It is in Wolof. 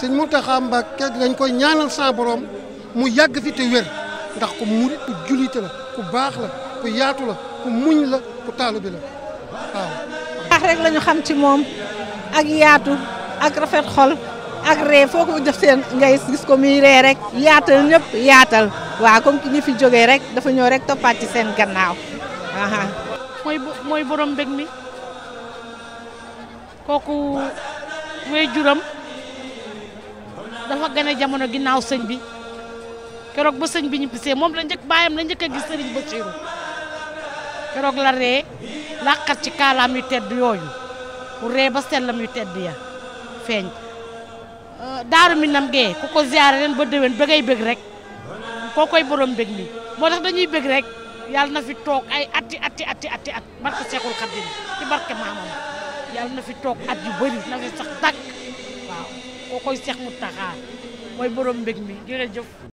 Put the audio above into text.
sëñ Mountakha Mbacké dañ koy ñaanal sa borom mu yàgg fi te wér ndax ku murit ku julite la ku baax la ku yaatu la ku muñ la ku taalu bi la waaw. baax rek lañu xam ci moom ak yaatu ak rafet xol ak ree foo ko def seen ngay gis ko muy ree rek yaatal ñëpp yaatal waaw comme ki ñu fi jógee rek dafa ñëw rek toppaat ci seen gannaaw. mooy mooy borom mi kooku wéy juram. dafa gane jamono ginnaaw sëñ bi keroog ba sëñ bi ñibbisee moom la ja baayam la njëkk a gis sëriñ Basiiru keroog la ree làqat ci kaalaam yu tedd yooyu mu ree ba sellam yu tedd ya feeñ euh, daaru mi nam gee ku ko ziyaare leen ba déwén bëggay bëgg rek koo koy borom bëgg mi moo tax dañuy bëgg rek yàlla na fi toog ay atti atti atti atti at barke Seexul Xadiim ci barke maamam yàlla na fi toog at bëri na fi sax koo koy Seex Muntaxa mooy borom mbég mi jërëjëf